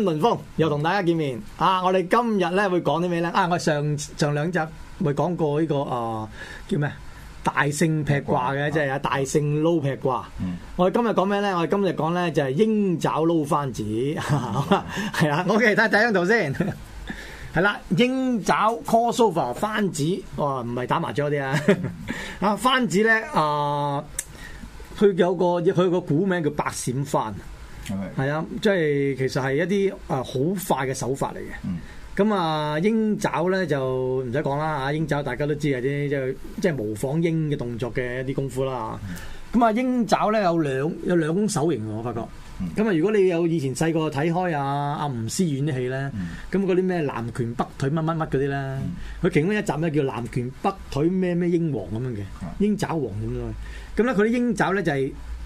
崑崙風又同大家見面、嗯、啊！我哋今日咧會講啲咩咧？啊，我上上兩集咪講過呢、這個啊、呃、叫咩大聖劈掛嘅，即、嗯、係、就係、大聖撈劈掛、嗯。我哋今日講咩咧？我哋今日講咧就係鷹爪撈番子，係、嗯、 啊！我哋睇睇張圖先，係 啦、啊，鷹爪 crossover 番子，哇、呃，唔係打麻雀啲 啊！啊 番子咧啊，佢、呃、有個佢個古名叫白閃番。係啊，即係其實係一啲啊好快嘅手法嚟嘅。咁、嗯、啊，鷹爪咧就唔使講啦，啊鷹爪大家都知嘅啫，即係即係模仿鷹嘅動作嘅一啲功夫啦。咁、嗯、啊，鷹爪咧有兩有兩種手型的，我發覺。咁、嗯、啊，如果你有以前細個睇開啊阿吳思遠啲戲咧，咁嗰啲咩南拳北腿乜乜乜嗰啲咧，佢、嗯、其中一集咧叫南拳北腿咩咩英王咁樣嘅，鷹、嗯、爪王咁樣的。咁咧佢啲鷹爪咧就係、是。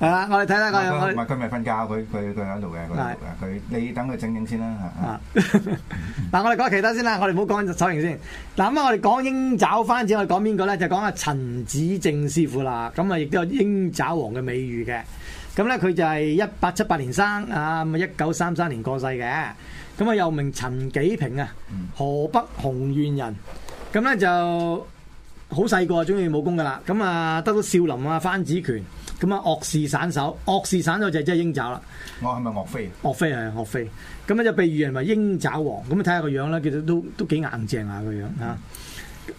係啦，我哋睇啦，我哋佢唔係佢咪瞓覺，佢佢佢喺度嘅，佢喺度嘅，佢你等佢整整先啦吓。嗱，我哋講其他先啦，我哋唔好講彩影先。嗱，咁啊，我哋講鷹爪翻子，我哋講邊個咧？就講阿陳子正師傅啦。咁啊，亦都有鷹爪王嘅美譽嘅。咁咧，佢就係一八七八年生啊，咁啊一九三三年過世嘅。咁啊，又名陳紀平啊，河北雄縣人。咁咧就好細個中意武功噶啦。咁啊，得到少林啊翻子拳。咁、嗯、啊，岳氏散手，岳氏散手就即係鷹爪啦。我係咪岳飛？岳飛係岳飛。咁咧就被譽為鷹爪王。咁啊，睇下個樣啦，其實都都幾硬正下個樣嚇。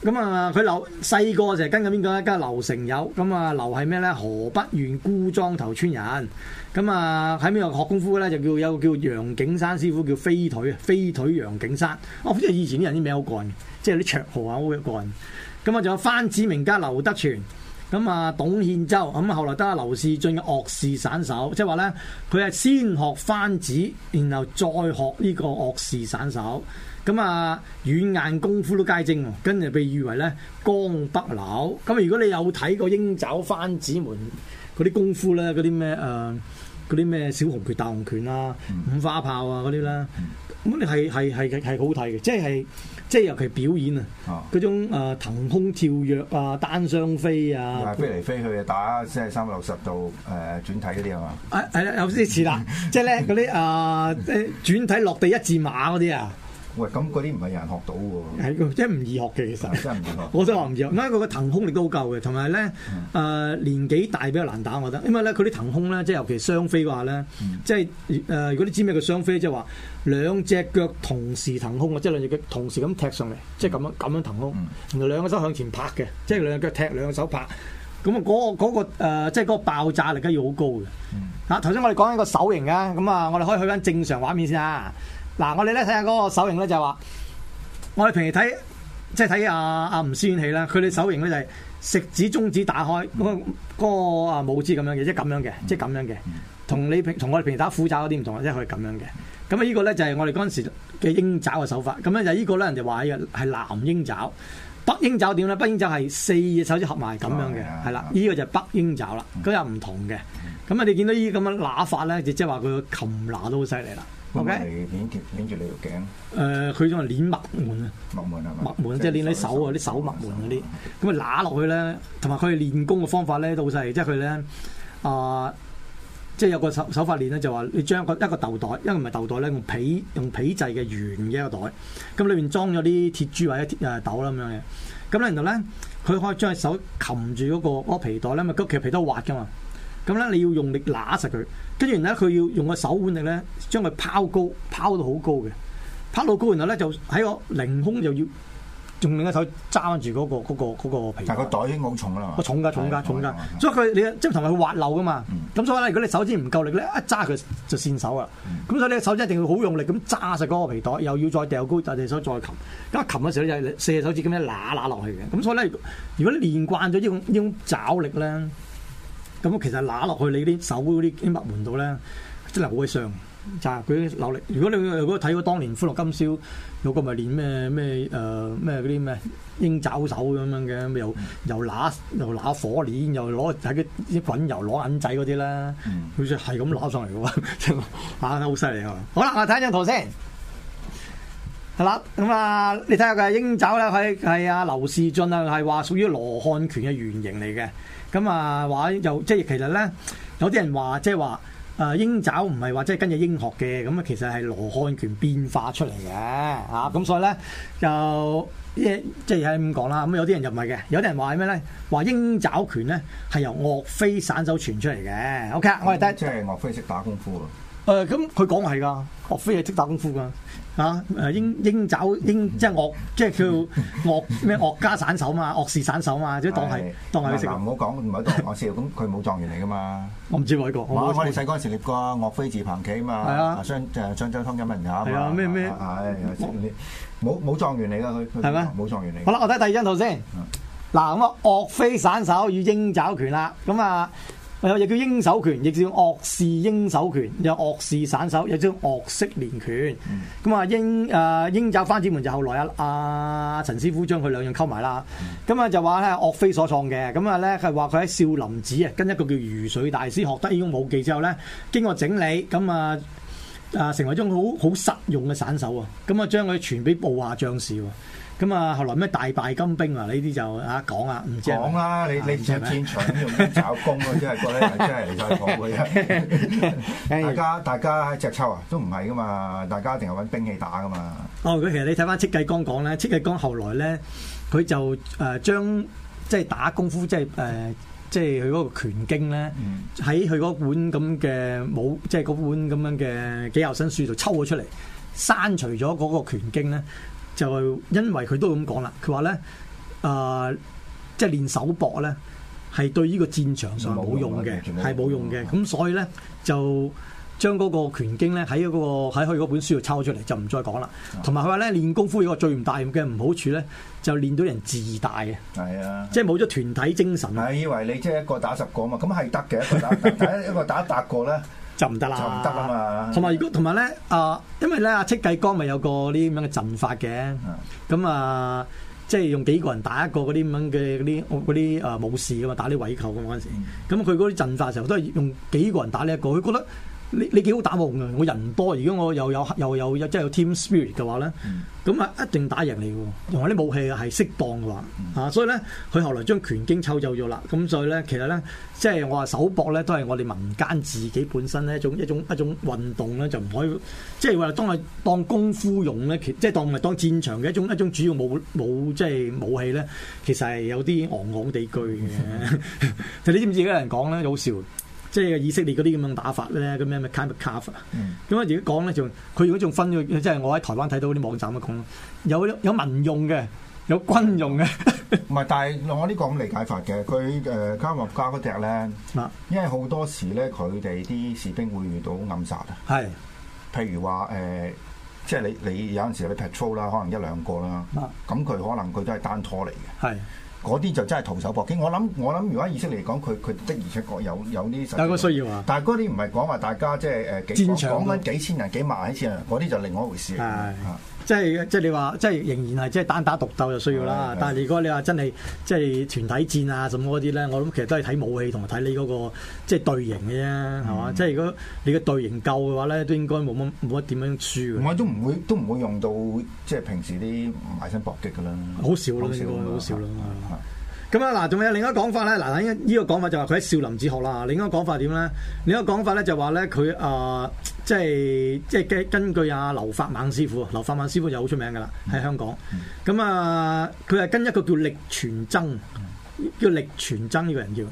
咁啊，佢劉細個就係跟緊邊個咧？家劉成友。咁、嗯、啊，劉係咩咧？河北縣孤莊頭村人。咁、嗯、啊，喺邊度學功夫咧？就叫有個叫楊景山師傅，叫飛腿啊，飛腿楊景山。我覺得以前啲人啲名好幹，即係啲綽號啊好幹。咁、嗯、啊，仲有翻子名家劉德全。咁啊，董憲洲咁，後來得阿劉士俊嘅岳氏散手，即係話咧，佢係先學翻子，然後再學呢個岳氏散手。咁啊，軟硬功夫都皆精，跟住被譽為咧江北老。咁如果你有睇過鷹爪翻子門嗰啲功夫咧，嗰啲咩誒嗰啲咩小紅拳、大紅拳啊、五花炮啊嗰啲啦，咁你係係係係好睇嘅，即係。即係尤其是表演啊，嗰種誒騰空跳躍啊、單雙飛啊，啊飛嚟飛去、呃、 啊，打即係三百六十度誒轉體嗰啲啊嘛，係係啦，有啲似啦，即係咧嗰啲誒轉體落地一字馬嗰啲啊。喂，咁嗰啲唔係有人學到喎。係，真唔易學嘅其實。真係唔易學。 我都話唔易學。因為，佢嘅騰空力都好夠嘅，同埋咧誒年紀大比較難打，我覺得。因為咧佢啲騰空咧，即係尤其雙飛嘅話咧，即係誒如果你知咩叫雙飛話，即係話兩隻腳同時騰空嘅，即係兩隻腳同時咁踢上嚟、嗯，即係咁樣咁樣騰空、嗯，然後兩個手向前拍嘅，即係兩隻腳踢，兩個手拍，咁啊嗰個即係嗰個爆炸力梗係要好高嘅、嗯。啊，頭先我哋講緊個手型啊，咁啊，我哋可以去翻正常畫面先啊。嗱，我哋咧睇下嗰個手型咧，就係話我哋平時睇即係睇阿阿吳思遠戲啦，佢哋手型咧就係食指、中指打開，咁、嗰個啊拇指咁樣嘅，即係咁樣嘅，即係咁樣嘅。同你平，同我哋平時打虎爪嗰啲唔同，即係佢咁樣嘅。咁啊，依個咧就係、是、我哋嗰陣時嘅鷹爪嘅手法。咁咧就呢個咧人哋話係南鷹爪。北鷹爪點咧？北鷹爪係四隻手指合埋咁樣嘅，係、哎、啦。呢、呢個就係北鷹爪啦，嗰又唔同嘅。咁啊，你見到呢啲咁樣嘅拿法咧，就即係話佢擒拿都好犀利啦。攞嚟，拎、okay? 住你條頸。誒、呃，佢仲話捏脈門啊，脈門係咪？脈門即係捏喺手啊，啲手脈門嗰啲。咁啊揦落去咧，同埋佢練功嘅方法咧到好犀即係佢咧啊，即、就、係、是呃就是、有個手手法練咧就話，你將個一個豆袋，一個唔係豆袋咧，用皮用皮，用皮製嘅圓嘅一個袋，咁裏面裝咗啲鐵珠或者鐵豆啦咁樣嘅。咁咧然後咧，佢可以將隻手擒住嗰個皮袋咧，咪嗰皮都滑噶嘛。咁咧，你要用力揦實佢，跟住然咧，佢要用個手腕力咧，將佢拋高，拋到好高嘅，拋到高，然後咧就喺個凌空就要用另一手揸住嗰個嗰、嗰個嗰個皮袋。但係個袋已經好重啦嘛。個重噶，重噶，重噶。所以佢你即係同佢滑漏噶嘛。咁、嗯、所以咧，如果你手指唔夠力咧，一揸佢就線手啦。咁、嗯、所以你手指一定要好用力咁揸實嗰個皮袋，又要再掉高，但隻手再擒。咁一擒嘅時咧，就四隻手指咁樣揦揦落去嘅。咁所以咧，如果練慣咗呢種呢種爪力咧。咁其實揦落去你啲手嗰啲脈門度咧，真係好鬼傷。就係佢流力。如果你如果睇過當年《歡樂今宵》有，有個咪練咩咩誒咩啲咩鷹爪手咁樣嘅，又又揦又揦火鏈，又攞睇啲滾油攞銀仔嗰啲啦。佢、嗯、就係咁攞上嚟嘅喎，打得好犀利啊！好啦，我睇張圖先，係、嗯、啦。咁啊，你睇下個鷹爪啦，佢係啊，劉仕俊啊，係話屬於羅漢拳嘅原型嚟嘅。咁、嗯、啊，話又即係其實咧，有啲人話即係話，誒鷹爪唔係話即係跟住鷹學嘅，咁啊其實係羅漢拳變化出嚟嘅，啊、嗯、咁所以咧就一即係咁講啦。咁有啲人就唔係嘅，有啲人話係咩咧？話鷹爪拳咧係由岳飛散手傳出嚟嘅。OK，我係得即係岳飛識打功夫咯。誒、嗯，咁佢講係㗎，岳飛係識打功夫㗎。啊！誒鷹鷹爪即係岳即係叫岳咩岳家散手嘛，岳氏散手嘛，即係當係當唔好講唔係多係我笑，咁佢武狀元嚟噶嘛。我唔知外國，這個啊啊哎。好。我哋細嗰陣時練過岳飛字鵬舉嘛，雙誒雙雙通人韻係啊，咩咩，係冇冇狀元嚟㗎佢。係咩？冇狀元嚟。好啦，我睇第二張圖先。嗱咁啊，岳飛散手與鷹爪拳啦，咁啊。又叫鷹手拳，亦叫岳氏鷹手拳，有岳氏散手，有叫岳式連拳。咁、嗯、啊，鷹，誒鷹，爪翻子門就後來啊，阿、啊、陳師傅將佢兩樣溝埋啦。咁、嗯、啊就話咧岳飛所創嘅咁啊咧，係話佢喺少林寺啊，跟一個叫如水大師學得呢種武技之後咧，經過整理咁啊啊，成為一種好好實用嘅散手啊。咁啊，將佢傳俾部下將士。咁啊，後來咩大敗金兵啊？呢啲就啊講啊，唔講啦！你你唔知戰場，用嚟找工啊！ 真係覺得真係嚟曬講大家大家隻抽啊，都唔係噶嘛！大家一定係揾兵器打噶嘛。哦，佢其實你睇翻戚繼光講咧，戚繼光後來咧，佢就誒將即係、就是、打功夫，即係誒即係佢嗰個拳經咧，喺佢嗰本咁嘅武，即係嗰本咁樣嘅紀效新書度抽咗出嚟，刪除咗嗰個拳經咧。就因為佢都咁講啦，佢話咧啊，即係練手搏咧，係對呢個戰場上冇用嘅，係冇用嘅。咁、嗯、所以咧就將嗰個拳經咧喺嗰喺佢嗰本書度抽出嚟，就唔再講啦。同埋佢話咧練功夫一個最唔大嘅唔好處咧，就練到人自大嘅，係啊，即係冇咗團體精神。係、啊啊、以為你即係一個打十個嘛？咁係得嘅，一個， 一個打一個打一百個啦。就唔得啦，就唔得啦嘛，同埋如果同埋咧啊，因為咧阿戚繼光咪有個啲咁樣嘅陣法嘅，咁、嗯、啊即係用幾個人打一個嗰啲咁樣嘅嗰啲啲武士啊嘛，打啲倭寇咁嗰陣時，咁佢嗰啲陣法時候都係用幾個人打呢一個，佢覺得。你你幾好打夢。我人多，如果我有又有又有即係、就是、有 team spirit 嘅話咧，咁、嗯、啊一定打贏你喎。同埋啲武器係適當嘅話、嗯啊，所以咧佢後來將拳經抽走咗啦。咁所以咧，其實咧即係我話手搏咧都係我哋民間自己本身一種一種一種運動咧，就唔可以即係話當係當功夫用咧，即係當唔係當戰場嘅一種一種主要武武即係武器咧，其實係有啲戇戇地居嘅。嗯、 你知唔知有人講咧？好笑。即係以色列嗰啲咁樣打法咧，咁樣咩 combat carver 咁講咧，仲佢如果仲分咗，即係我喺台灣睇到啲網站咁講有有民用嘅，有軍用嘅。唔係，但係我呢個咁理解法嘅，佢誒 combat carver 嗰隻咧，因為好多時咧佢哋啲士兵會遇到暗殺啊。係。譬如話，呃，即係你你有陣時你 patrol 啦，可能一兩個啦，咁佢可能佢都係單拖嚟嘅。係。嗰啲就真係徒手搏擊，我諗我諗，如果意識嚟講，佢佢的而且確有有啲，有個需要啊。但係嗰啲唔係講話大家即係、呃、幾講緊幾千人、幾萬幾千人啊，嗰啲就另外一回事。係。即係即係你話，即係仍然係即係單打獨鬥就需要啦。係係係，但係如果你話真係即係團體戰啊，什麼嗰啲咧，我諗其實都係睇武器同埋睇你嗰個即係隊形嘅啫，係嘛？即係如果你嘅隊形夠嘅話咧，都應該冇乜冇乜點樣輸嘅、嗯。唔係都唔會都唔會用到即係平時啲埋身搏擊嘅啦。好少啦，應該好少啦。咁啊嗱，仲有另一個講法咧，嗱、嗱、依個講法就話佢喺少林寺學啦。另一個講法點咧？另一個講法咧就話咧佢即係即係根根據啊劉發猛師傅。劉發猛師傅就好出名噶啦，喺香港。咁、嗯、啊，佢、嗯、係、嗯、跟一個叫力全僧，叫力全僧呢個人叫。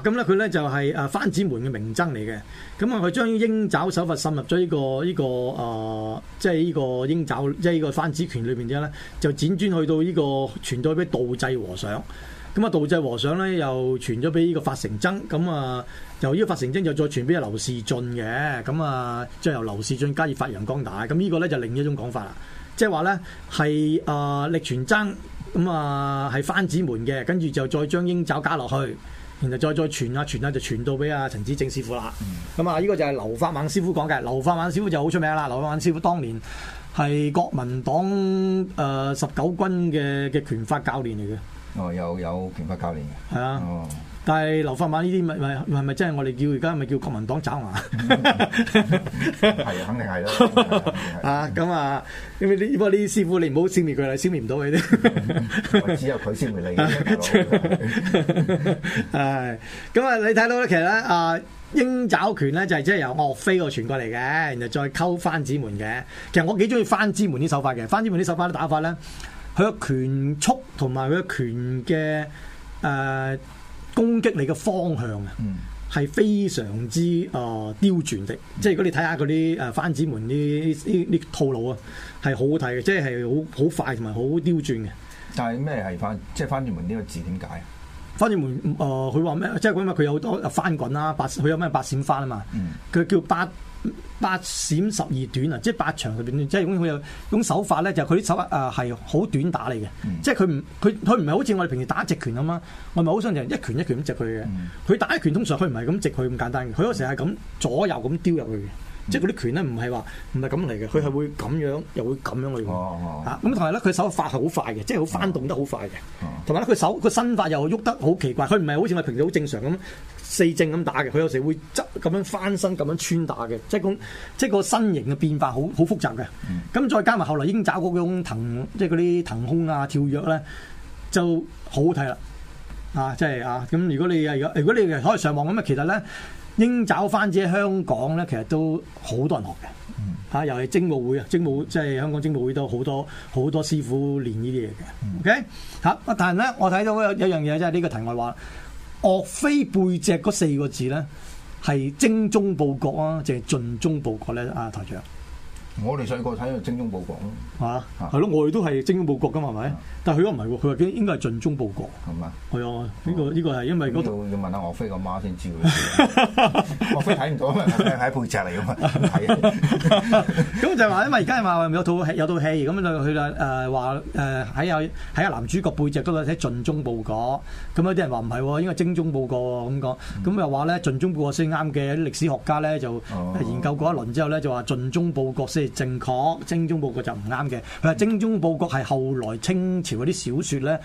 咁咧佢咧就係番子門嘅名僧嚟嘅。咁啊佢將鷹爪手法滲入咗呢、呢個呢、呢個即係呢個鷹爪，即係呢個番子拳裏面。之後咧，就輾轉去到呢、呢個傳咗俾道濟和尚。咁啊，道濟和尚咧又傳咗俾呢個法成僧，咁啊，由呢個法成僧就再傳俾劉士俊嘅，咁啊，再由劉士俊加以發揚光大。咁呢個咧就另一種講法啦，即係話咧係啊力傳僧，咁啊係番子門嘅，跟住就再將鷹爪加落去，然後再再傳下、啊、傳下、啊、就傳到俾阿陳子正師傅啦。咁、嗯、啊，呢、呢個就係劉法猛師傅講嘅。劉法猛師傅就好出名啦，劉法猛師傅當年係國民黨呃、十九軍嘅嘅拳法教練嚟嘅。哦，有有拳法教練嘅。係啊。哦、但係劉法馬呢啲咪咪係咪真係我哋叫而家咪叫國民黨爪嘛？係、嗯、啊、嗯嗯， 肯定係啦、 啊嗯 啊。啊，咁 啊，因為呢不過啲師傅你唔好消滅佢啦，消滅唔到佢啲。只有佢消滅你。咁啊，你睇到咧，其實咧啊，鷹爪拳咧就係即係由岳飛個傳過嚟嘅，然後再溝翻子門嘅。其實我幾中意翻子門啲手法嘅，翻子門啲手法都打法咧。佢嘅拳速同埋佢嘅拳嘅誒、呃、攻擊你嘅方向啊，係、嗯、非常之啊、呃、刁鑽的。嗯、即係如果你睇下嗰啲誒翻子門啲啲啲套路啊，係好好睇嘅、就是，即係好好快同埋好刁鑽嘅。但係咩係翻？即係翻子門呢個字點解、呃就是、啊？翻子門誒，佢話咩？即係因為佢有好多翻滾啦，八佢有咩八閃翻啊嘛。佢、嗯、叫八」。八閃十二短啊！即係八長入邊，即係佢有種手法咧，就佢啲手法啊係好短打嚟嘅。即係佢唔佢佢唔係好似我哋平時打直拳咁啊！我咪好想就一拳一拳咁直佢嘅。佢打一拳通常佢唔係咁直佢咁簡單嘅。佢有時係咁左右咁丟入去嘅。即係嗰啲拳咧唔係話唔係咁嚟嘅。佢係會咁樣又會咁樣嘅。哦、啊、哦。咁同埋咧，佢手法係好快嘅，即係好翻動得好快嘅。同埋咧，佢手個身法又喐得好奇怪，佢唔係好似我哋平時好正常咁。四正咁打嘅，佢有時會咁樣翻身、咁樣穿打嘅，即係咁即係個身形嘅變化好好複雜嘅。咁再加埋後嚟鷹爪嗰種騰，即係嗰啲騰空啊、跳躍咧、啊，就好好睇啦。啊，即係啊，咁如果你如果你,如果你可以上網咁啊，其實咧鷹爪翻子喺香港咧，其實都好多人學嘅。嚇，又係精武會啊，精武即係香港精武會都有好多好多好多師傅練呢啲嘢嘅。OK，嚇、啊，但係咧我睇到有,有,有,有,有一樣嘢即係呢個題外話。岳飛背脊嗰四個字咧係精忠報國啊即係盡忠報國咧啊台長我哋細個睇《精忠報國》咯、啊，嚇係咯，我哋都係精忠報國噶嘛，係咪、啊？但係佢話唔係喎，佢話應應該係盡忠報國，係嘛？係、這個、啊，呢、這個呢係、這個、因為度要問下岳飛個媽先知嘅事。岳飛睇唔到啊嘛，喺背脊嚟噶嘛，咁就係因為而家話有套有套戲咁去啦誒話誒喺喺個男主角背脊嗰度睇《盡忠報國》，咁有啲人話唔係喎，應該精忠報國喎咁講，咁、嗯嗯、又話咧盡忠報國先啱嘅歷史學家咧就研究過一輪之後咧就話盡忠報國先。正確精忠報國就唔啱嘅，佢話精忠報國係後來清朝嗰啲小説咧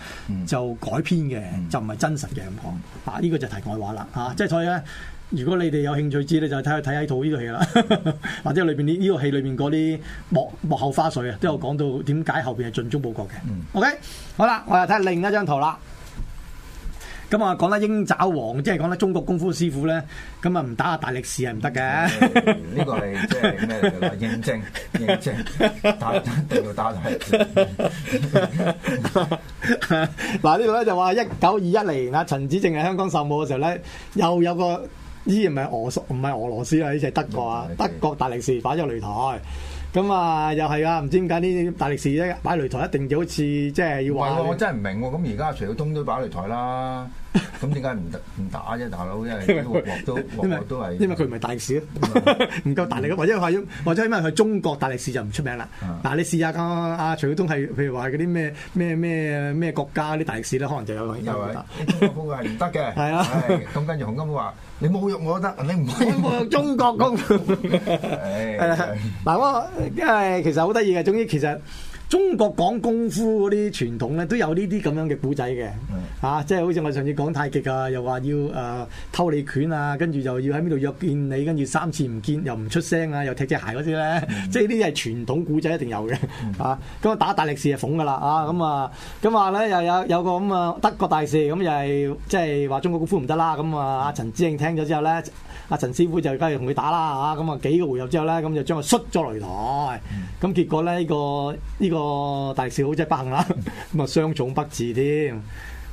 就改編嘅，就唔係真實嘅咁講。啊，呢個就係題外話啦。啊、嗯，即係所以咧，如果你哋有興趣知咧，就睇睇睇套呢套戲啦，或者裏邊呢呢個戲裏邊嗰啲幕幕後花絮啊，都有講到點解後邊係盡忠報國嘅、嗯。OK，好啦，我又睇另一張圖啦。咁啊，講得鷹爪王，即係講得中國功夫師傅咧，咁啊唔打下大力士係唔得嘅。呢個係即係咩嚟㗎？認證認證，打一定要打大力士。嗱呢度咧就話一九二一年啊，陳子正係香港受武嘅時候咧，又有個依然唔係俄唔係俄羅斯啊，呢就德國啊，okay. 德國大力士擺咗擂台。咁、嗯、啊，又係啊，唔知點解呢啲大力士咧，擺擂台一定就好似即係要話。我真係唔明，咁而家徐曉東都擺擂台啦，咁點解唔唔打啫，大佬，因為個因為都因為都係因為佢唔係大力士，咯，唔 夠大力、嗯、或者因或者因為佢中國大力士就唔出名啦。嗱、嗯，但你試下阿徐曉東係，譬如話嗰啲咩咩咩咩國家啲大力士咧，可能就有有得、嗯。中國風係唔得嘅。係 啊，咁、嗯、跟住洪金寶話。你侮辱我都得，你唔可以侮辱中國功。嗱，我因為其實好得意嘅，總之其實。中國講功夫嗰啲傳統咧，都有呢啲咁樣嘅古仔嘅，啊，即係好似我上次講太極啊，又話要誒、呃、偷你拳啊，跟住又要喺邊度約見你，跟住三次唔見又唔出聲啊，又踢隻鞋嗰啲咧，即係呢啲係傳統古仔一定有嘅、嗯，啊，咁啊打大力士係諷噶啦，啊，咁啊咁話咧又有有個咁啊德國大使，咁又係即係話中國功夫唔得啦，咁啊阿、啊、陳子正聽咗之後咧，阿、啊、陳師傅就梗係同佢打啦，嚇、啊，咁啊幾個回合之後咧，咁、啊、就將佢摔咗擂台，咁、嗯啊、結果咧呢個呢、這個。個大小好即係不幸啦，咁啊傷重不治添。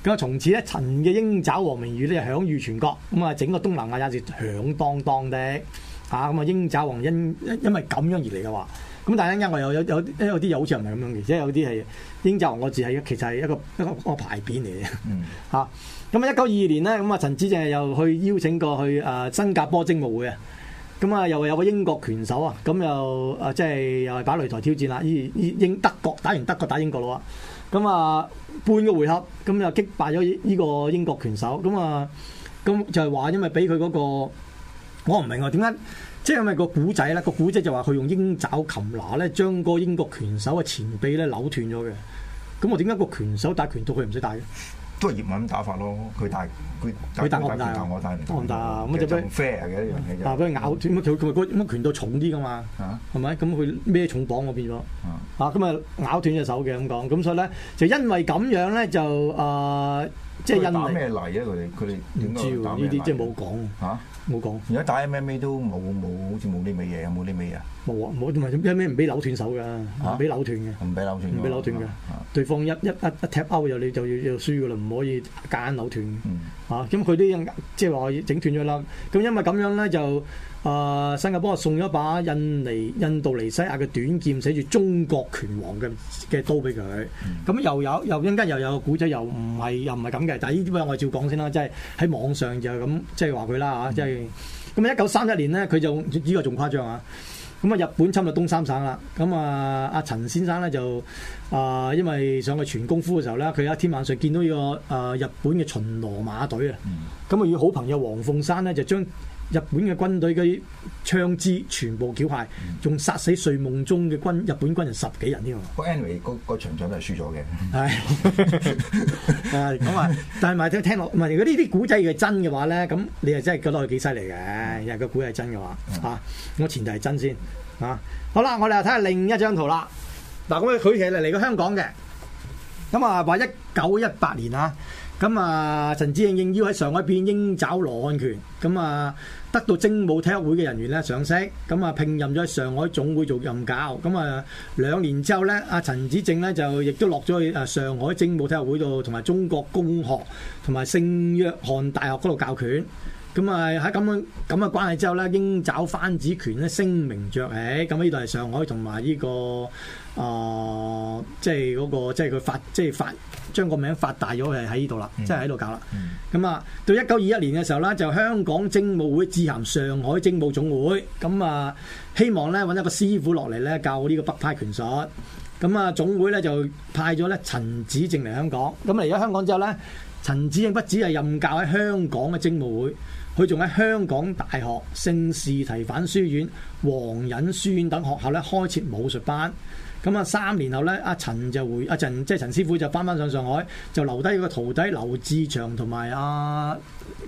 咁啊，從此咧陳嘅鷹爪王名譽咧享譽全國，咁啊整個東南亞也是響當當的。吓，咁啊，鷹爪王因因為咁樣而嚟嘅話，咁但係因啱我又有些是有有啲又好似唔係咁樣嘅，即係有啲係鷹爪王個字係其實係一個一個個牌匾嚟嘅。吓，咁啊，一九二二年咧，咁啊陳子正又去邀請過去誒新加坡精武會啊。咁啊，又係有個英國拳手啊，咁、就是、又啊，即係又係打擂台挑戰啦，依英，英德國打完德國打英國咯啊，咁啊半個回合，咁又擊敗咗呢個英國拳手，咁啊，咁就係話因為俾佢嗰個，我唔明啊，點解即係因為個古仔咧？個古仔就話佢用鷹爪擒拿咧，將個英國拳手嘅前臂咧扭斷咗嘅，咁我點解個拳手打拳套佢唔使戴嘅？都係葉問咁打法咯，佢打，佢打我大大大大打我大，我大大大打。我帶咁 fair 嘅一樣嘢就。啊！俾佢咬斷，佢佢拳道重啲噶嘛？嚇，係咪？咁佢咩重磅我變咗。嗯、啊。咁啊咬斷隻手嘅咁講，咁所以咧就因為咁樣咧就、呃就是、啊，即係因。打咩嚟咧？佢哋佢哋唔知呢啲即係冇講。嚇、啊！冇講。而家打 MMA 都冇冇，好似冇啲味嘢，有冇啲味嘢？冇，冇，唔係，一咩唔俾扭斷手噶，唔俾扭斷嘅，唔俾扭斷，唔俾扭斷嘅。對方一一一一踢勾又你就要要輸噶啦，唔可以夾硬扭斷。嚇，咁佢都應，即係話整斷咗啦。咁因為咁樣咧，就啊新加坡送咗把印尼印度尼西亞嘅短劍，寫住中國拳王嘅嘅刀俾佢。咁又有又陣間又有個古仔，又唔係又唔係咁嘅。但係呢啲我係照講先啦，即係喺網上就咁即係話佢啦嚇。即係咁一九三一年咧，佢就呢個仲誇張啊！咁啊，日本侵入東三省啦。咁啊，阿陳先生咧就啊，因為上去傳功夫嘅時候咧，佢一天晚上見到呢個啊日本嘅巡邏馬隊啊。咁、嗯、啊，與好朋友黃鳳山咧就將。日本嘅軍隊嗰啲槍支全部繳械，仲殺死睡夢中嘅軍日本軍人十幾人添喎。個 enemy 個場場都係輸咗嘅。係，咁啊，但係埋、哎 啊、聽聽落，唔係如果呢啲古仔係真嘅話咧，咁你啊真係覺得佢幾犀利嘅。如果古仔係真嘅話，嗯、話，啊，我前提係真先，啊，好啦，我哋又睇下另一張圖啦。嗱、啊，咁佢其實嚟過香港嘅，咁啊，話一九一八年啊。咁啊，陳子正應邀喺上海練鷹爪羅漢拳，咁啊得到精武體育會嘅人員咧賞識，咁啊聘任咗喺上海總會做任教，咁啊兩年之後咧，阿、啊、陳子正咧就亦都落咗去啊上海精武體育會度，同埋中國工學同埋聖約翰大學嗰度教拳。咁啊喺咁樣咁嘅關係之後咧，鷹爪翻子拳咧聲名着起。咁呢度係上海同埋呢個啊，即係嗰個即係佢發即係、就是、發將個名發大咗係喺呢度啦，即係喺度搞啦。咁、嗯、啊、嗯，到一九二一年嘅時候啦，就香港精武會致函上海精武總會，咁啊希望咧搵一個師傅落嚟咧教呢個北派拳術。咁啊總會咧就派咗咧陳子正嚟香港。咁嚟咗香港之後咧，陳子正不止係任教喺香港嘅精武會。佢仲喺香港大學、聖士提反書院、黃仁書院等學校咧開設武術班。咁啊三年後咧，阿陳就回阿陳，即係陳師傅就返返上上海，就留低佢個徒弟劉志祥同埋阿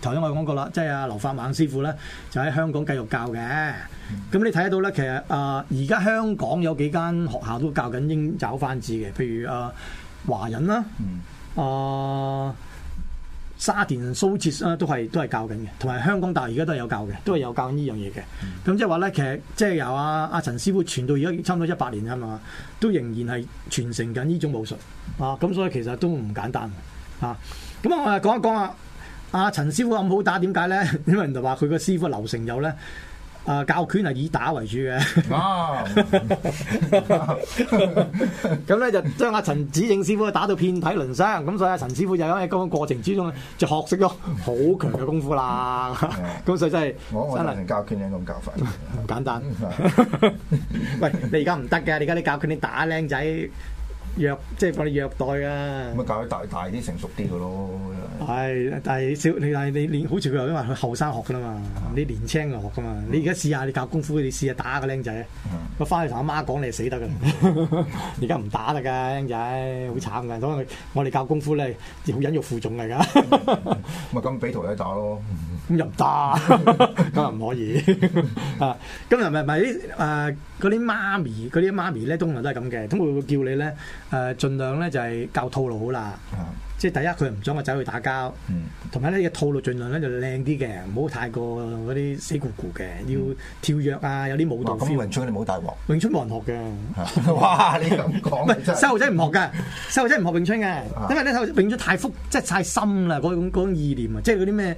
頭先我講過啦，即係阿劉發猛師傅咧，就喺香港繼續教嘅。咁、嗯、你睇得到咧，其實啊，而家香港有幾間學校都教緊鷹爪翻子嘅，譬如啊華仁啦，啊。沙田蘇浙啊，都係都係教緊嘅，同埋香港大學而家都係有教嘅，都係有教緊呢樣嘢嘅。咁即係話咧，其實即係由阿、啊、阿陳師傅傳到而家，差唔多一百年啊嘛，都仍然係傳承緊呢種武術啊。咁所以其實都唔簡單啊。咁啊，我哋講一講啊，阿陳師傅咁好打點解咧？因為就話佢個師傅劉成有咧。啊！教拳係以打為主嘅，咁咧就將阿陳子正師傅打到遍體鱗傷，咁所以阿陳師傅就喺嗰個過程之中就學識咗好強嘅功夫啦。咁 所以真、就、係、是，真我，我教拳係咁教法，唔簡單。 喂，你而家唔得嘅，你而家你教拳你打僆仔。弱即係幫你虐待啊！咁咪教佢大大啲成熟啲嘅咯。係，但係少你但係你年好似佢又因為佢後生學㗎嘛，你年青學㗎嘛。你而家試下你教功夫，你試下打個僆仔。我翻去同阿媽講你係死得㗎，而家唔打得㗎，僆仔好慘㗎。所以我哋教功夫咧好忍辱負重嚟㗎。咁咪，咁俾徒弟打咯。咁又唔得，咁又唔可以 啊！咁啊、就係，咪咪啲誒啲媽咪，嗰啲媽咪咧，通常都係咁嘅，咁佢會叫你咧誒，儘、呃、量咧就係、係、教套路好啦、嗯。即係第一，佢唔想我走去打交。同埋咧嘅套路盡量呢，儘量咧就靚啲嘅，唔好太過嗰啲死咕咕嘅，要跳躍啊，有啲舞蹈。咁、嗯、詠春你唔好大鑊。詠春冇人學嘅、啊。哇！你咁講，唔係細路仔唔學㗎，細路仔唔學詠春嘅、啊，因為咧，詠春太複、那個那個，即係太深啦，嗰種意念啊，即係嗰啲咩。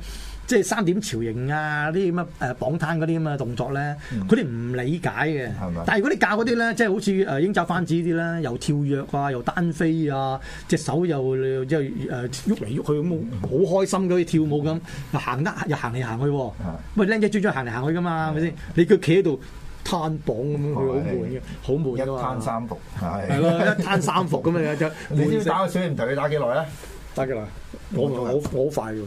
即係三點朝形啊！啲咁啊誒綁攤嗰啲咁嘅動作咧，佢哋唔理解嘅。但係如果你教嗰啲咧，即係好似誒鷹爪翻子啲啦，又跳躍啊，又單飛啊，隻手又即係誒喐嚟喐去咁，好開心嗰啲跳舞咁，行得又行嚟行去喎。喂，僆仔，專專行嚟行去㗎嘛，係咪先？你佢企喺度攤榜咁樣，佢 好悶嘅，好悶嘅。攤三伏係咯，攤三伏咁樣一。你打個水唔同你打幾耐啊？打幾耐？我好我好快嘅。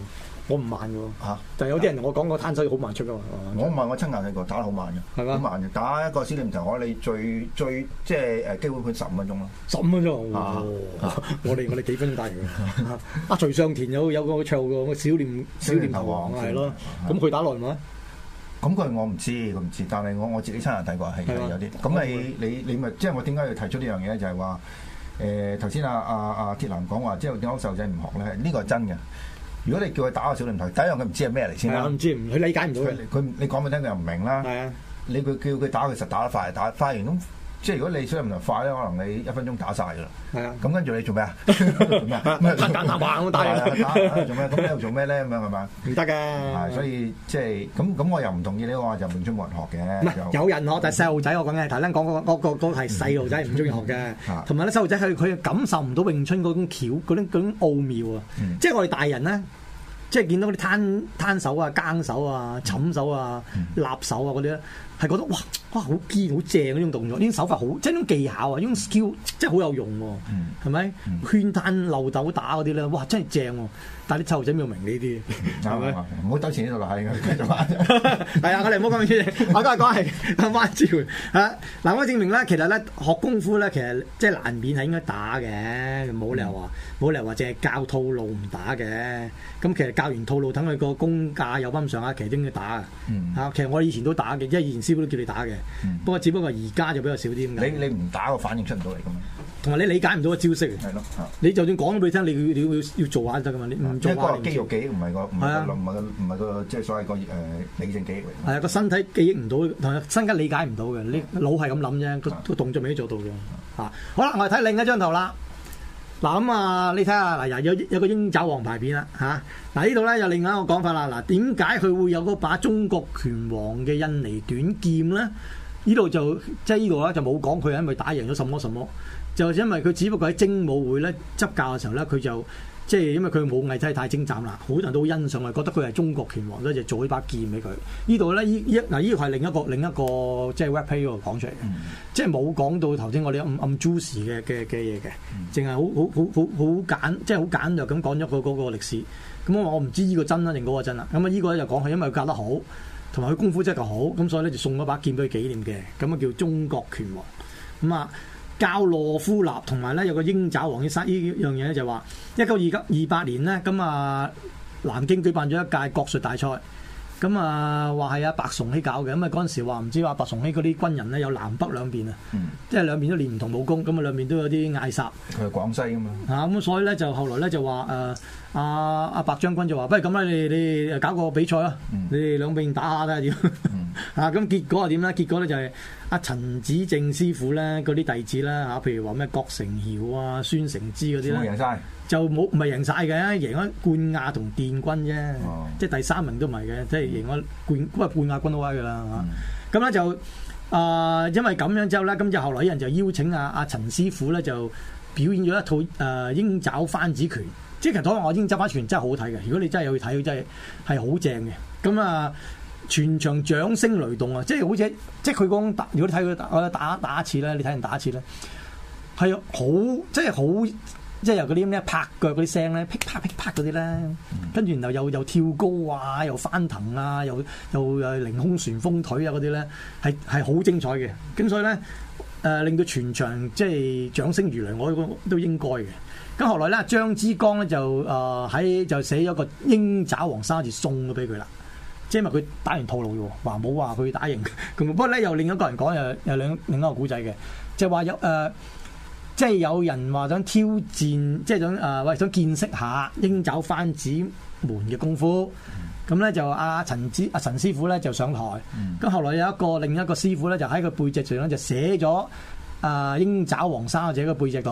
我唔慢嘅喎，但、啊、係、就係、有啲人同我講個攤手好慢出嘅嘛、啊。我唔係、啊，我親眼睇過打得好慢嘅，好慢嘅。打一個小念頭我你最最即係誒基本盤十五分鐘咯，十五分鐘。啊啊啊、 我哋我哋幾分打完 啊！徐尚田有有個唱個小念小念，小念頭王啊！咯，咁、啊、佢打耐唔耐？咁佢我唔知，我唔知。但係我我自己親眼睇過係、啊、有啲。咁你你你咪即係我點解要提出呢樣嘢咧？就係話誒頭先啊啊啊鐵男講話，即係點解細路仔唔學咧？呢、呢個係真嘅。如果你叫佢打個小聯頭，第一樣佢唔知係咩嚟先啦，我唔知佢理解唔到。佢佢你講俾佢聽，佢又唔明啦。係啊，你佢叫佢打，佢實打得快，打得快完咁。即係如果你速度唔同快咧，可能你一分鐘打晒㗎啦。係啊，咁跟住你做咩啊？做咩？唔係揀難拔，我 打。打，做咩？咁喺度做咩咧？咁樣係咪啊？唔得㗎。所以即係咁咁，我又唔同意你話就詠春冇人學嘅。有人學，但係細路仔我講嘅頭先講嗰、嗰個係細路仔唔中意學嘅。同埋咧細路仔佢佢感受唔到詠春嗰種巧嗰種奧妙啊。即係我哋大人咧。即係見到嗰啲攤攤手啊、耕手啊、枕手啊、立手啊嗰啲咧，係、啊、覺得哇哇好堅好正嗰種動作，呢種手法好，即係呢種技巧啊，呢種 skill 即係好有用喎、啊，係咪、嗯？圈攤漏斗打嗰啲咧，哇！真係正喎、啊。但係啲臭仔唔明呢啲，係、嗯、咪？唔好兜前呢度落去，嗯、應該繼續玩。係啊、 哎，我哋唔好咁樣， 我今日講係媽蕉嚇。嗱、嗯，我證明咧，其實咧學功夫咧，其實即係難免係應該打嘅，冇理由話冇、嗯、理由話淨係教套路唔打嘅。咁其實教完套路，等佢個功架有翻咁上下，奇實去打嘅。嚇、嗯，其實我以前都打嘅，因為以前師傅都叫你打嘅。不、嗯、過只不過而家就比較少啲，你你唔打，個反應出唔到嚟嘅嘛。同埋你理解唔到個招式。係咯。你就算講都俾你聽，你要你要要做下得嘅嘛。你唔做下。一肌肉記憶、那個，唔係、那個唔係唔係個即係、就是、所謂個誒理性記憶嚟。係啊，個身體記憶唔到，同埋身家理解唔到嘅。你腦係咁諗啫，個、那個動作未做到嘅。嚇，好啦，我哋睇另一張圖啦。嗱咁啊，你睇下嗱，有有個鷹爪王牌片啦嚇。嗱呢度咧有另外一個講法啦。嗱點解佢會有嗰把中國拳王嘅印尼短劍咧？呢度就即係呢度咧就冇講佢係咪打贏咗什麼什麼，就因為佢只不過喺精武會咧執教嘅時候咧佢就。即係因為佢武藝真係太精湛啦，好多人都好欣賞啊，覺得佢係中國拳王咧，就做一把劍俾佢。這裡呢度咧呢一嗱呢個係另一個另一個即係、就是、webpage 度講出嚟、嗯，即係冇講到頭先我哋暗暗 juice 嘅嘅嘅嘢嘅，淨係、嗯、好好好好好簡即係好簡略咁講咗嗰嗰個歷史。咁、嗯、我話我唔知呢個真啦定嗰個真啦。咁啊呢個咧就講係因為佢教得好，同埋佢功夫真係好，咁所以咧就送咗把劍俾佢紀念嘅，咁啊叫中國拳王咁啊。嗯教羅夫納同埋咧有個鷹爪王要殺呢樣嘢，咧就話一九二九二八年呢，咁啊南京舉辦咗一屆國術大賽，咁啊話係阿白崇禧搞嘅，咁啊嗰陣時話唔知話白崇禧嗰啲軍人咧有南北兩邊啊，即係兩邊都練唔同武功，咁啊兩邊都有啲嗌殺，佢係廣西噶嘛，吓咁所以咧就後來咧就話誒阿阿白將軍就話不如咁啦你你搞個比賽啊、嗯，你哋兩邊打下，睇下點啊，咁結果係點咧？結果咧就係阿、啊、陳子正師傅咧，嗰啲弟子啦嚇，譬如話咩郭成耀啊、孫成之嗰啲咧，就冇唔係贏晒嘅，贏咗冠亞同殿軍啫、哦，即係第三名都唔係嘅，即係贏咗冠，嗯、冠，冠亞軍都威噶啦嚇。咁、嗯、咧就啊、呃，因為咁樣之後咧，今次後來啲人就邀請阿、啊、阿、啊、陳師傅咧，就表演咗一套誒鷹爪翻子拳。即係其實講話我鷹爪翻拳真係好睇嘅，如果你真係去睇，佢真係係好正嘅。咁、嗯、啊～全場掌聲雷動啊！即係好似即係佢講打，如果你睇佢打打，打一次咧，你睇人打一次咧，係好即係好，即係由嗰啲咩拍腳嗰啲聲咧，噼啪噼啪嗰啲咧，跟住然後又又跳高啊，又翻騰啊，又又誒凌空旋風腿啊嗰啲咧，係係好精彩嘅，咁所以咧誒、呃、令到全場即係掌聲如雷，我都都應該嘅。咁後來咧？張之江咧就誒喺、呃、就寫咗個鷹爪王沙字送咗俾佢啦。即係咪佢打完套路嘅？話冇話佢打贏。咁不過咧，又另一個人講，又又兩另一個古仔嘅，就話有誒，即係有人話想挑戰，即係想誒，為想見識下鷹爪翻子門嘅功夫。咁、嗯、咧就阿陳子阿陳師傅咧就上台。咁、嗯、後來有一個另一個師傅咧就喺個背脊上咧就寫咗啊鷹爪王生者寫個背脊度，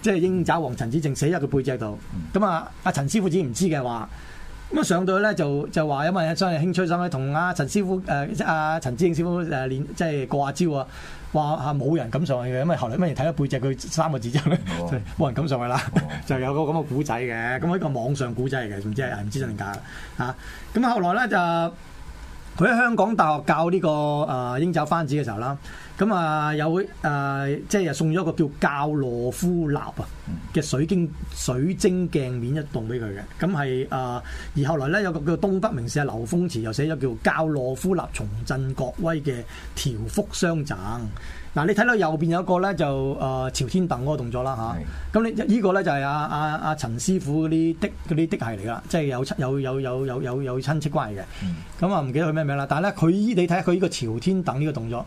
即係鷹爪王陳子正寫咗個背脊度。咁啊阿陳師傅自唔知嘅話。咁啊上到咧就就話因為有啲人興趣上去，同阿陳師傅誒即阿陳志英師傅誒連、呃、即係過下招啊，話嚇冇人敢上去嘅，咁啊後來乜人睇咗背脊佢三個字之後咧，哦、 就冇人敢上去啦，哦、 就有個咁嘅古仔嘅，咁、哦嗯、一個網上古仔嚟嘅，總之係唔知、唔知道真定假啦咁、啊、後來咧就佢喺香港大學教呢、呢個誒鷹爪翻子嘅時候啦。咁啊，有誒、呃，即係又送咗個叫教羅夫立啊嘅水晶水晶鏡面一棟俾佢嘅。咁係啊，而後來咧有個叫東北名士啊，劉風池又寫咗叫教羅夫立重振國威嘅條幅相贈。嗱，你睇到右邊有一個咧就誒、呃、朝天凳嗰個動作啦吓。咁、啊、你依、呢個咧就係阿阿阿陳師傅嗰啲的嗰啲的係嚟㗎，即係有親有有有有有有親戚關係嘅。咁啊，唔記得佢咩名啦，但係咧佢依你睇下佢呢個朝天凳呢個動作。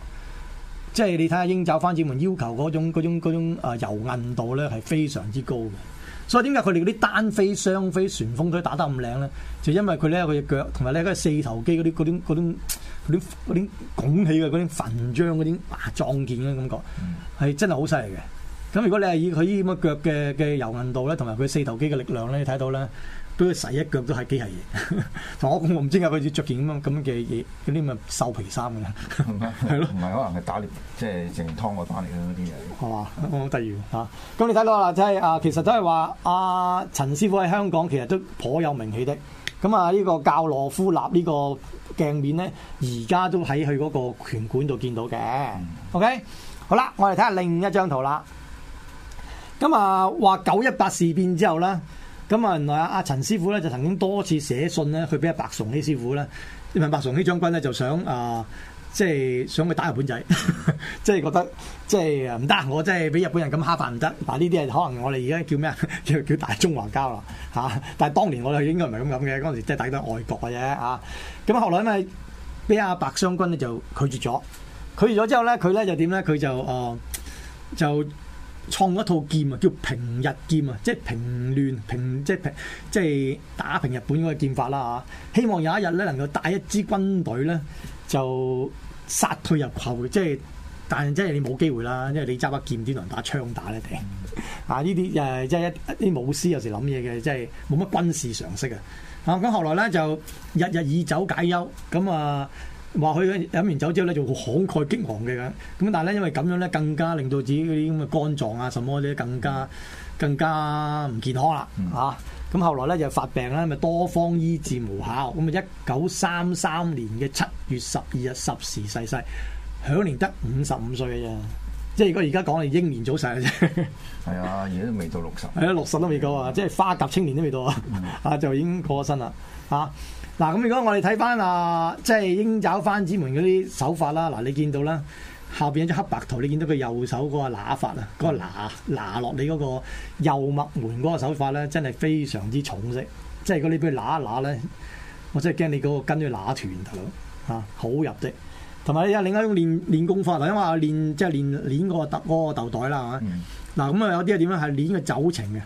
即係你睇下鷹爪翻子們要求嗰種嗰種嗰種、呃、柔韌度咧係非常之高嘅，所以點解佢哋嗰啲單飛、雙飛、旋風腿打得咁靚咧？就因為佢咧佢隻腳同埋咧嗰四頭肌嗰啲嗰啲啲拱起嘅嗰啲賁張嗰啲哇壯健嘅感覺係、嗯、真係好犀利嘅。咁如果你係以佢依咁嘅腳嘅嘅柔韌度咧，同埋佢四頭肌嘅力量咧，睇到咧。俾佢洗一腳都係機械嘢，同我我唔知解 不是是、就是、啊！佢着件咁咁嘅嘢，嗰啲咪瘦皮衫嘅啦，係咯，唔係可能係打獵，即係淨劏我打嚟嘅啲嘢，係嘛？好得意！嚇，咁你睇到啦，即係啊，其實都係話阿陳師傅喺香港其實都頗有名氣的，咁啊呢個教羅夫立呢個鏡面咧，而家都喺佢嗰個拳館度見到嘅、嗯。OK，好啦，我哋睇下另一張圖啦。咁啊，話九一八事變之後咧。咁啊，原來阿阿陳師傅咧就曾經多次寫信咧，去俾阿白崇禧師傅咧，問白崇禧將軍咧就想啊、呃，即係想去打日本仔，呵呵即係覺得即係唔得，我真係俾日本人咁蝦飯唔得，但呢啲係可能我哋而家叫咩啊？叫叫大中華膠啦嚇，但係當年我哋應該唔係咁諗嘅，嗰陣時真係睇得外國嘅啫啊！咁後來咪，俾阿白湘軍咧就拒絕咗，拒絕咗之後咧，佢咧就點咧？佢就哦就。呃就創一套劍啊，叫平日劍啊，即係平亂平，即係平，即係打平日本嗰個劍法啦嚇。希望有一日咧能夠帶一支軍隊咧就殺退入寇。即係但係即係你冇機會啦，因為你揸把劍點同人打槍打咧定、嗯？啊呢啲誒即係一啲武師有時諗嘢嘅，即係冇乜軍事常識啊！啊咁後來咧就日日以酒解憂，咁啊～話佢咧飲完酒之後咧就好慷慨激昂嘅咁，咁但係咧因為咁樣咧更加令到自己嗰啲咁嘅肝臟啊什麼啲更加更加唔健康啦，吓、嗯、咁、啊、後來咧就發病啦，咪多方醫治無效，咁啊一九三三年嘅七月十二日十時逝世，世，享年得五十五歲嘅啫，即係如果而家講係英年早逝嘅啫，係、嗯、啊，而家都未到六十，係、嗯、啊，六十都未到啊，即係花甲青年都未到、嗯、啊，啊就已經過咗身啦。啊嗱，咁如果我哋睇翻啊，即係鷹爪翻子門嗰啲手法啦，嗱、啊，你見到啦，下邊有一張黑白圖，你見到佢右手嗰個拿法啊，嗰、那個拿拿落你嗰個右脈門嗰個手法咧，真係非常之重色。即係如果你俾佢拿一拿咧，我真係驚你嗰個筋都要拿斷㗎啦，好入的。同埋你有另外一種練練功法，因為我練即係、就是、練練嗰、那個揼豆、那個、袋啦，嚇、嗯、嗱、啊，咁啊有啲係點樣？係練個走程嘅。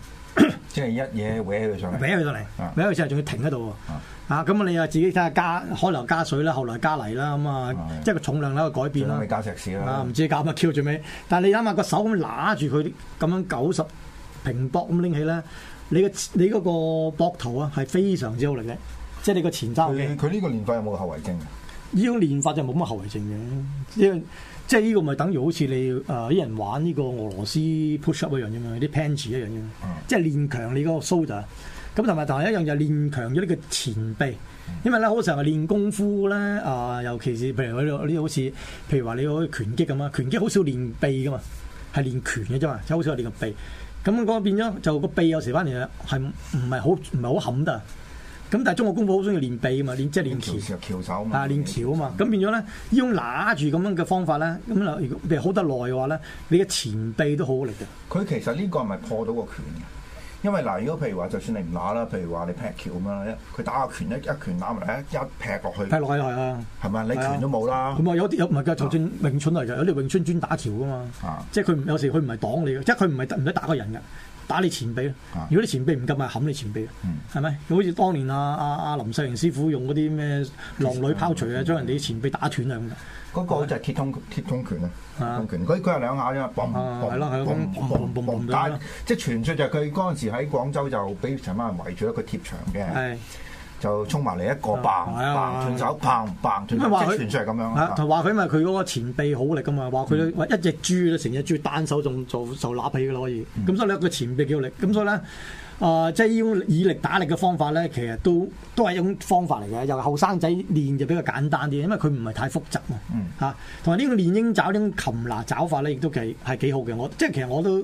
即係一嘢搲佢上嚟，搲佢上嚟，搲佢上嚟，仲要停喺度喎。啊，咁、啊、你又自己睇下加開流加水啦，後來加泥啦，咁啊，啊，即係個重量啦，個改變啦。最屘加石屎啦。啊，唔知搞乜 Q 做咩，但係你諗下個手咁揦住佢咁樣九十平搏咁拎起咧，你嘅你嗰個膊頭啊係非常之好力嘅。即係你個前個前交佢呢個練法有冇後遺症？呢種練法就冇乜後遺症嘅，因為。即係呢個咪等於好似你誒啲、呃、人玩呢個俄羅斯 push up 一樣咁樣，啲 punch 一樣啫。即係練強你嗰個 shoulder。咁同埋同埋一樣就係練強咗呢個前臂，嗯、因為咧好成日練功夫咧啊、呃，尤其是譬如我好似譬如話你可以拳擊咁啊，拳擊好少練臂噶嘛，係練拳嘅啫嘛，真係好少練個臂。咁嗰個變咗就個臂有時翻嚟係唔係好唔係好冚得。咁但係中國功夫好中意練臂練練嘛，啊、練即係練橋，啊練橋啊嘛，咁變咗咧，用揦住咁樣嘅方法咧，咁啊，譬如好得耐嘅話咧，你嘅前臂都好力嘅。佢其實呢個係咪破到個拳嘅？因為嗱，如果譬如話，就算你唔揦啦，譬如話你劈橋咁樣佢打個拳一拳打埋一,一劈落去。劈落去係啊，係咪、啊啊、你拳都冇啦？咁啊有啲有唔係㗎，就算詠春嚟㗎，有啲詠春專打橋㗎嘛。啊、即係佢有時佢唔係擋你嘅，即係佢唔係唔係打個人㗎。打你前臂啊！如果你前臂唔夠咪冚你前臂、嗯、是啊！係咪？好似當年阿阿林世榮師傅用嗰啲咩狼女拋錘啊，將人哋啲前臂打斷啊咁嘅。嗰、嗰個就係鐵通鐵通拳，拳，拳砰砰砰砰啊！拳，佢佢係兩下啫嘛，嘣嘣嘣嘣但係即傳説，就係佢嗰陣時喺廣州就俾陳伯圍住一個貼牆嘅。就衝埋嚟一個棒，棒，單手棒棒，即佢傳出嚟咁樣。話佢咪佢嗰個前臂好力㗎嘛？話、嗯、佢一隻豬，成隻豬單手仲做做攬起嘅可以。咁、嗯、所以咧，個前臂有力。咁所以咧。啊、呃，即係呢種以力打力嘅方法咧，其實都都係一種方法嚟嘅，又後生仔練就比較簡單啲，因為佢唔係太複雜、嗯、啊。吓，同埋呢個練鷹爪呢種擒拿爪法咧，亦都幾係幾好嘅。我即係其實我都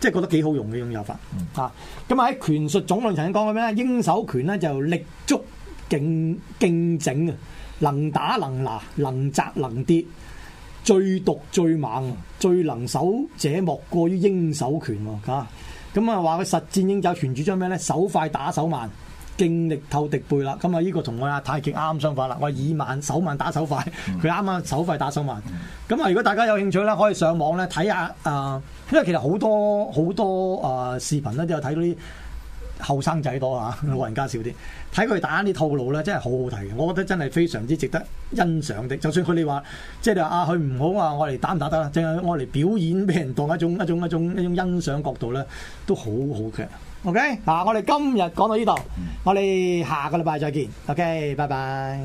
即係覺得幾好用嘅一種手法、嗯、啊。咁啊喺拳術總論曾經講過咩咧？鷹手拳咧就力足勁勁整啊，能打能拿，能扎能跌，最毒最猛，最能手者莫過於鷹手拳喎。吓、啊！咁啊，話佢實戰應走全主張咩咧？手快打手慢，勁力透敵背啦。咁啊，呢個同我阿太極啱相反啦。我以慢手慢打手快，佢啱啱手快打手慢。咁啊，如果大家有興趣咧，可以上網咧睇下啊，因為其實好多好多啊、呃、視頻咧都有睇到啲。後生仔多啊，老人家少啲。睇佢哋打啲套路咧，真係好好睇嘅。我覺得真係非常之值得欣賞的。就算佢哋話，即係你話啊，佢唔好話我嚟打唔打得，淨係我嚟表演俾人當一種一種一種一種，一種欣賞角度咧，都好好嘅。OK，嗱、啊，我哋今日講到呢度，我哋下個禮拜再見。OK，拜拜。